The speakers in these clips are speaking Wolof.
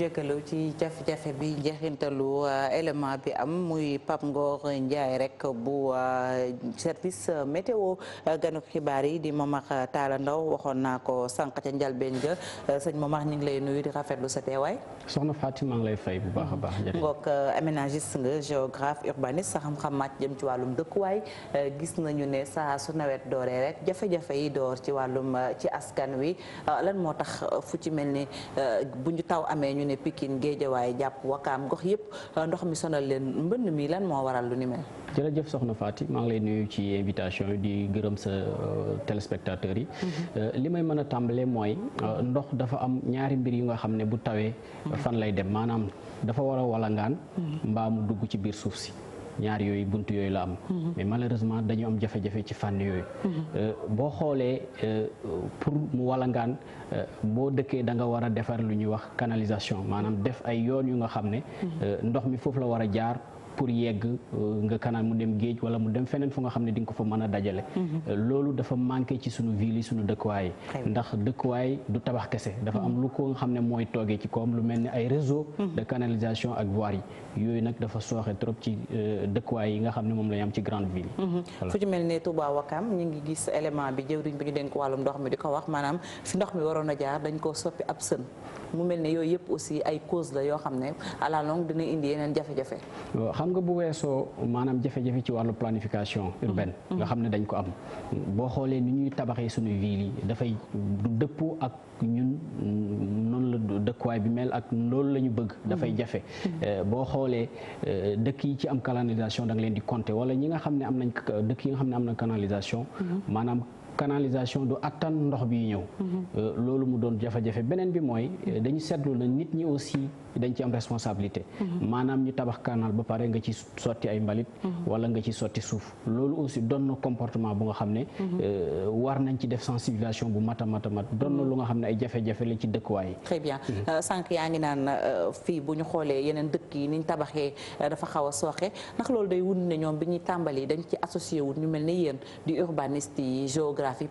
jëkkalu ci jafe-jafe bi njeexintalu euh, élément bi am muy Pape Ngor Ndiaye rek bu euh, service météo euh, ganuk xibaar yi di Momar Talla Ndaw waxoon naa ko sànq ca njalbeen ga sëñ Momar ñu ngi lay nuyu di rafetlu sa teewaay. soxna Fatima ngi lay fay bu baax a baax. ngoog aménagiste nga géographe urbaniste sa xam-xam màcc jëm ci wàllum waay gis nañu ne saa su nawet dooree rek jafe-jafe yi door ci wàllum ci askan wi lan moo tax fu ci mel ni bu taw amee ñu ne Pikine Géejawaay jàpp Wakaam gox yëpp euh, ndox mi sonal leen mbënn mi lan moo waral lu ni mel. jërëjëf soxna Faty maa ngi lay nuyu ci invitation yi di gërëm sa euh, téléspectateurs yi. Mhm. Euh, li may mën a tàmbalee mooy ndox dafa am ñaari mbir yu nga xam ne bu tawee. Mhm. fan lay dem maanaam dafa war a walangaan. Mhm. mbaa mu dugg ci biir suuf si. ñaar yooyu bunt yooyu la am mhm. mais malheureusement dañu am jafe-jafe ci fànn yooyu mhm. euh, boo xoolee euh, pour mu ngaan euh, boo dëkkee da nga war a defar lu ñuy wax canalisation maanaam def ay yoon yu nga xam ne mhm. ndox mi foofu la war a jaar pour yegg euh, nga kanaan mu dem géej wala mu dem feneen fu nga xam ne di nga ko fa mën a dajale mhm. euh, loolu dafa manqué ci suñu ville yi suñu dëkkuwaay ndax dëkkuwaay du tabax kese dafa am mhm. lu ko nga xam ne mooy toogee ci koom lu mel ni ay réseau mhm. de canalisation ak voirie yi yooyu nag dafa sooxe trop ci euh, dëkkuwaay yi nga xam ne moom la ñu am ci grande ville fu ci mel ne Touba Wakam ñu ngi gis élément bi jëwriñ bi ñu dénk wàllum ndox mi di ko wax maanaam fi ndox mi waroon a jaar dañ koo mu mel ne yooyu yëpp aussi ay cause la yoo xam ne à la dina indi yeneen jafe-jafe bu weesoo maanaam jafe ci wàllu planification urbaine mm-hmm. nga xam ne dañ ko am boo xoolee ni ñuy tabaxee suñu ville yi dafay dëppoo ak ñun noonu la dëkkuwaay bi mel ak loolu la ñu bëgg dafay mm-hmm. jafe mm-hmm. Eh, boo xoolee eh, dëkk yi ci am canalisation da leen di compter wala ñi nga xam ne am nañ dëkk yi nga xam ne am na canalisation maanaam canalisation du attan ndox bi ñëw euh, loolu mu doon jafe-jafe beneen bi mooy euh, dañu seetlu na nit ñi aussi dañ ci am responsabilité maanaam ñu tabax canal ba pare nga ci sotti ay mbalit wala nga ci sotti suuf loolu aussi doon comportement bu nga xam ne euh, war nañ ci def sensibilisation bu mat a mat a mat lu nga xam ne ay jafe-jafe la ci dëkkuwaay très bien mm-hmm. sànq yaa ngi naan fii bu ñu xoolee yeneen dëkk yi niñ tabaxee dafa xaw a sooxe ndax loolu day wund ne ñoom bi ñuy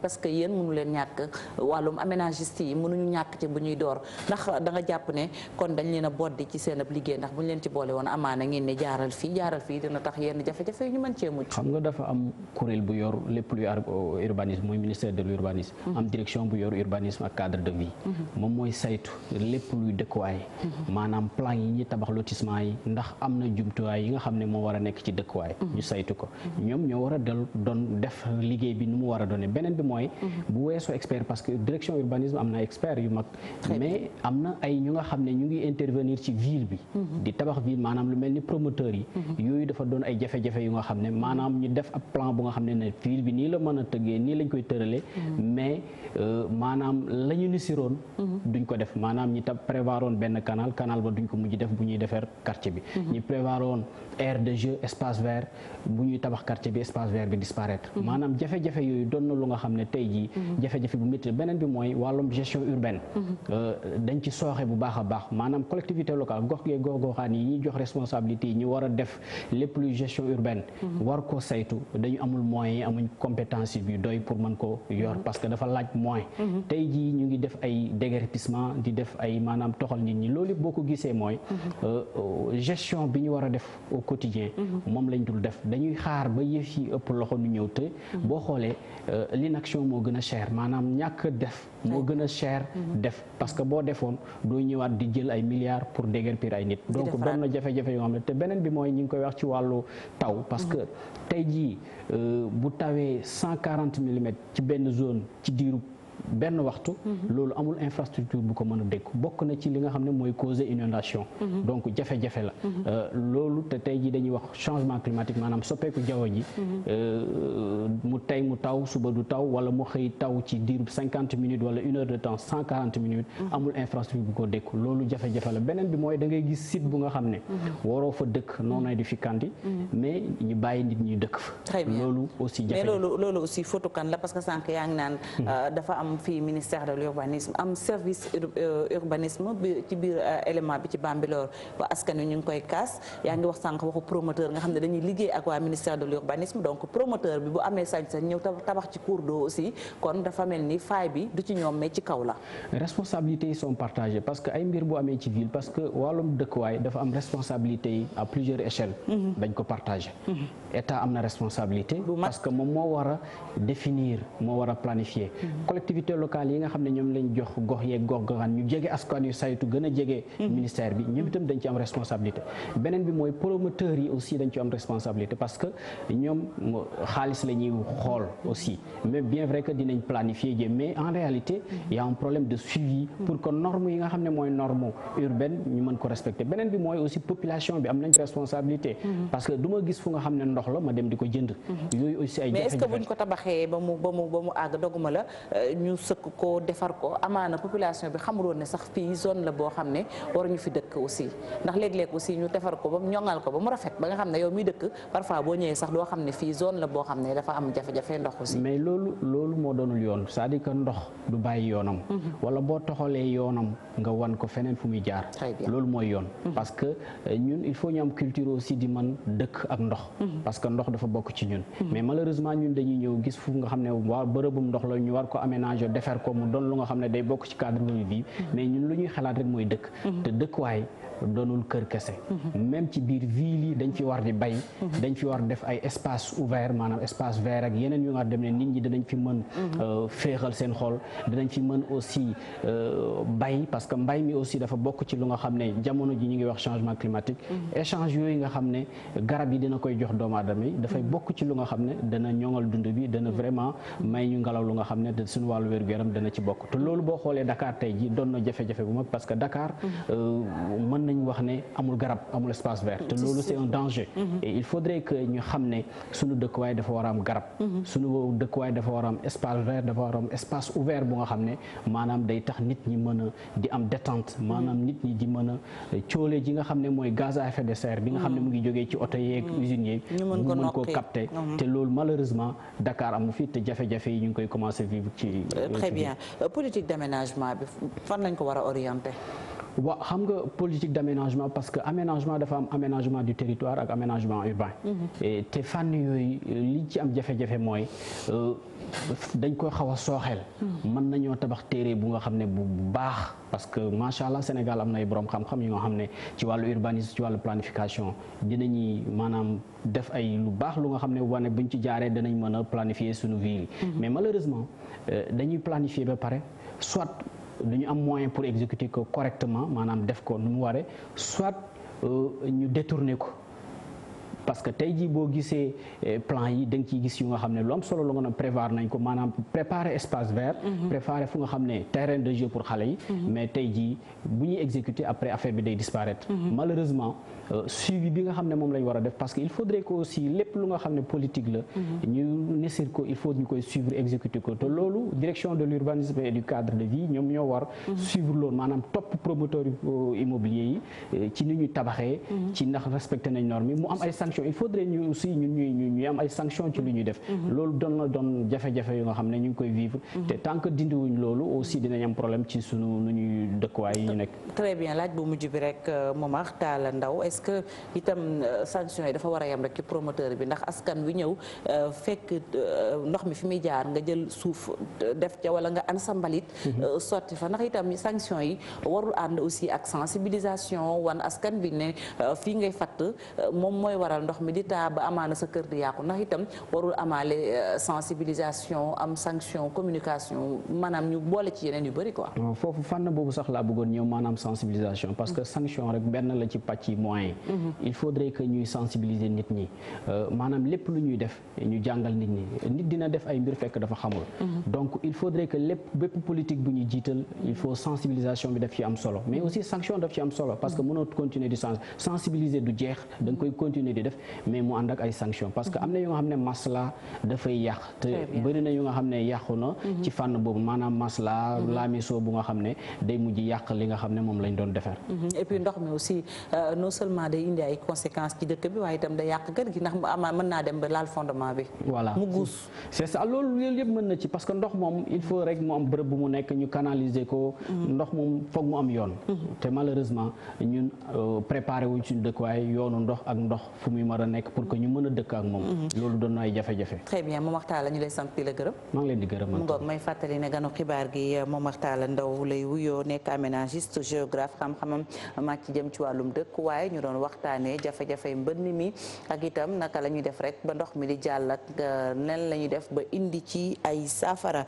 parce que yéen mënu leen ñàkk wàllum aménagiste yi mënuñu ñàkk ci bu ñuy door ndax da jàpp ne kon dañ leen a boddi ci seen ab liggéey ndax bu leen ci boole woon amaana ngeen ne jaaral fii jaaral fii dina tax yenn jafe-jafe yi ñu mën cee mucc. xam nga dafa am kuréel bu yor lépp luy euh, urbanisme mooy ministère de l'urbanisme mm-hmm. am direction bu yor urbanisme ak cadre de vie. Mm-hmm. moom mooy saytu lépp luy dëkkuwaay. Mm-hmm. maanaam plan yi ñuy tabax lotissement yi ndax am na jumtuwaay yi nga xam ne moo a nekk ci dëkkuwaay. ñu saytu ko ñoom a a beneen bi mooy mhm. bu weesoo expert parce que direction urbanisme am na expert yu mag mais am na ay ñu nga xam ne ñu ngi intervenir ci ville bi mhm. di tabax ville maanaam lu mel ni promoteur yi mhm. yooyu dafa doon ay jafe-jafe yu nga xam ne maanaam ñu def ab plan bu nga xam ne ne ville bi nii la mën a tëggee nii lañ koy tëralee mais maanaam la ñu ni siroon mhm. duñ ko def maanaam ñi tam prévoir woon benn canal canal ba duñ ko mujj def bu ñuy defar quartier bi mhm. ñi prévoir woon aire de jeu espace vert bu ñuy tabax quartier bi espace vert bi disparaître mhm. maanaam jafe-jafe yooyu doon na lu nga xam ne tey jii jafe-jafe bu métti beneen bi mooy wàllum gestion urbaine euh, dañ ci sooxe bu baax a baax maanaam collectivité locale gox gee gox goxaan yi ñuy jox responsabilité yi ñu war a def lépp luy gestion urbaine war ko saytu dañu amul moyens amuñ compétence bi doy pour mën ko yor parce que dafa laaj moyen tey jii ñu ngi def ay déguerpissement di def ay maanaam toxal nit ñi loolu boo ko gisee mooy euh, gestion bi ñu war a def au quotidien moom lañ dul def dañuy xaar ba yëf yi ëpp loxo nu ñëw te boo xoolee euh, l'inaction moo gën a cher maanaam ñàkk def moo gën a cher def parce que boo defoon doo ñëwaat di jël ay milliards pour déguerpir ay nit donc doon na jafe-jafe yoo xam ne te beneen bi mooy ñu ngi koy wax ci wàllu taw parce que tey jii euh, bu tawee cent quarante millimètres ci benn zone ci diiru benn waxtu mhm. loolu amul infrastructure bu ko mën a dékku bokk na ci li nga xam ne mooy causer inondation mhm. donc jafe-jafe la mhm. euh, loolu te tey ji dañuy wax changement climatique maanaam soppeeku jaww ji euh, mu tey mu taw suba du taw wala mu xëy taw ci diirub cinquante minutes wala une heure de temps cent quarante minutes amul infrastructure bu ko dékku loolu jafe-jafe la beneen bi mooy da ngay gis site bu nga xam ne waroo fa dëkk non édificandi mais ñu bàyyi nit ñi dëkk fa loolu aussi jafe mais loolu loolu am fii ministère de l'urbanisme am service euh, urbanisme bi ci biir euh, élément bi ci Bambilor ba askan wi ñu ngi koy kaas yaa ngi wax sànq waxu promoteur nga xam ne dañuy liggéey ak waa ministère de l'urbanisme donc promoteur bi bu amee sañ-sañ ñëw tabax ci cours d'eau aussi kon dafa mel ni faay bi du ci ñoom mais ci kaw la. responsabilités yi sont partagées parce que ay mbir bu amee ci ville parce que wàllum dëkkuwaay dafa am responsabilité yi à plusieurs échelles. Mhm. dañ ko mhm. am na responsabilité. parce que moom moo war a définir moo war a planifier. Mhm. collectivités locales yi nga xam ne ñoom lañ jox gox yeeg gox goxaan ñu jege askan yu saytu gën a jege. Mhm. ministère bi ñoom itam dañ dañ ci am responsabilité mhm. a un beneen bi mooy population bi am nañ responsabilité mhm. parce que du gis fu nga xam ne ndox la ma dem di ko jënd yooyu aussi ay jafe-jafe mais est-ce que buñ ko tabaxee ba mu ba mu ba mu àgg doguma la euh, ñu sëkk ko defar ko amaana population bi xamuloon ne sax fii zone la boo xam ne waruñu fi dëkk aussi ndax léeg-léeg aussi ñu defar ko ba mu ñoŋal ko ba mu rafet ba nga xam ñun mhm. mhm. mais malheureusement ñun dañuy ñëw gis fu nga xam ne waa bërëbum ndox la war ko aménager arranger defar ko mu doon lu nga xam ne day bokk ci cadre de vie mm-hmm. mais ñun lu ñuy xalaat rek mooy dëkk mm-hmm. te dëkkuwaay doonul kër kese même ci biir ville yi dañ fi war di bay dañ fi war def ay espace ouvert maanaam espace vert rek yeneen yu nga dem ne nit ñi dinañ fi mën euh, féexal seen xool danañ fi mën aussi euh, bay parce que mbay mi aussi dafa bokk ci lu nga xam ne jamono ji ñu ngi wax changement climatique échange yooyu nga xam ne garab yi dina koy jox doomu aadama yi dafay bokk ci lu nga xam ne dana ñoŋal dund bi dana vraiment may ñu ngelaw lu nga xam ne da suñu wàllu wér gu yaram dana ci bokk te loolu boo xoolee Dakar tey ji doon jafe-jafe bu mag parce que euh, mën nañ wax ne amul garab amul espace vert mm-hmm. te loolu c'est un danger mm-hmm. et il faudrait que ñu xam ne suñu dëkkuwaay dafa war a am garab mm-hmm. suñu dëkkuwaay dafa war a espace vert dafa war a am espace ouvert bu nga xam ne maanaam day tax nit ñi mën a di am détente maanaam nit ñi di mën a coole ji nga xam ne mooy gaz à de serre bi nga xam ne mu ngi jógee ci oto yeeg usines yeeg mu mën koo capter te loolu malheureusement Dakar amu fi te jafe-jafe yi ñu ngi koy commencer vivre ci très euh, ko war a wa xam nga politique d' aménagement parce que aménagement dafa am aménagement du territoire ak aménagement urbain. Mhm. te fànn yooyu li ci am jafe-jafe mooy euh, dañ koy xaw a sooxeel. Mhm. mën nañoo tabax téere bu nga xam ne bu baax parce que macha allah Sénégal am na ay borom xam-xam yu nga xam ne ci wàllu urbanisme ci wàllu planification dinañuy maanaam def ay lu baax lu nga xam ne wane buñ ci jaaree danañ mën a planifier sunu ville. Mhm. mais malheureusement euh, dañuy du ñu am moyen pour exécuter ko correctement maanaam def ko nu mu waree soit euh, ñu détourner ko parce que tey jii boo gisee eh, plan yi da nga ciy gis yu nga xam ne lu am solo la nga ne prévoir nañ ko maanaam préparer espace vert mhm. préparer fu nga xam ne terrain de jeu pour xale yi mhm. mais tey jii bu ñuy exécuter après affaire bi day disparaître mhm. malheureusement euh, suivi bi nga xam ne moom lañ war a def parce que il faudrait que aussi lépp lu nga xam ne politique la ñu nesir ko il faut ñu koy suivre exécuter ko te loolu direction de l'urbanisme et du cadre de sanctions il faudrait ñu aussi ñun ñuy ñuy am ay sanctions ci lu ñuy def. Mm-hmm. loolu doon na doon jafe-jafe yu nga xam ne ñu ngi koy vivre. Mm-hmm. te tant que dindiwuñ loolu aussi dinañ am problème ci sunu nu ñuy dëkkuwaay yi ñu nekk. très bien laaj bu mujj bi rek euh, Momar Talla Ndao est euh, a euh, mi fi muy jaar nga jël suuf def ca wala nga an sa mbalit. Mm-hmm. sotti fa ndax itam sanctions yi warul ànd aussi ak sensibilisation wan askan bi ne fii ngay moom mooy waral. ndox mi di taa ba amaana sa kër di yàqu ndax itam warul amaale euh, sensibilisation am sanction communication maanaam ñu boole ci yeneen yu bëri quoi. foofu fànn boobu sax laa bëggoon ñëw maanaam sensibilisation parce que mm-hmm. sanction rek benn la ci pàcc yi moyen mm-hmm. il faudrait que ñuy sensibiliser nit ñi euh, maanaam lépp lu ñuy def ñu jàngal nit ñi nit dina def ay mbir fekk dafa xamul. Mm-hmm. donc il faudrait que lépp bépp politique bu ñu jiital il faut sensibilisation bi daf ci am solo mais aussi sanction daf ci am di sensibiliser du jeex da nga koy continuer di def mais mu ànd ak ay sanctions parce que am na yu nga xam ne masla dafay yàq te bëri na yu nga xam ne yàqu na mhm. ci fànn boobu maanaam masla mhm. laamiso bu nga xam ne day mujj yàq li nga xam ne moom lañ doon defar mhm. et puis ndox mi aussi euh, non seulement day indi ay conséquences ci dëkk bi ba laal fondement bi moom il faut rek mu am bërëb bu mu nekk ñu canaliser ko ndox moom foog mu am yoon te malheureusement ñun euh, préparé wuñ suñu dëkkuwaay yoonu ndox ak ndox fu muy mar a nekk pour que ñu mën a dëkk ak moom mhm. loolu doon na ay jafe-jafe très bien Momar Talla ñu lay sant di la gërëm maa ngi leen di gërëm mu géographe xam-xamam màcc jëm ci wàllum dëkk waaye ñu doon waxtaanee jafe-jafe mbënn mi ak itam naka la ñuy def rek ba ndox mi di jàll ak euh, nen la def ba indi ci ay saafara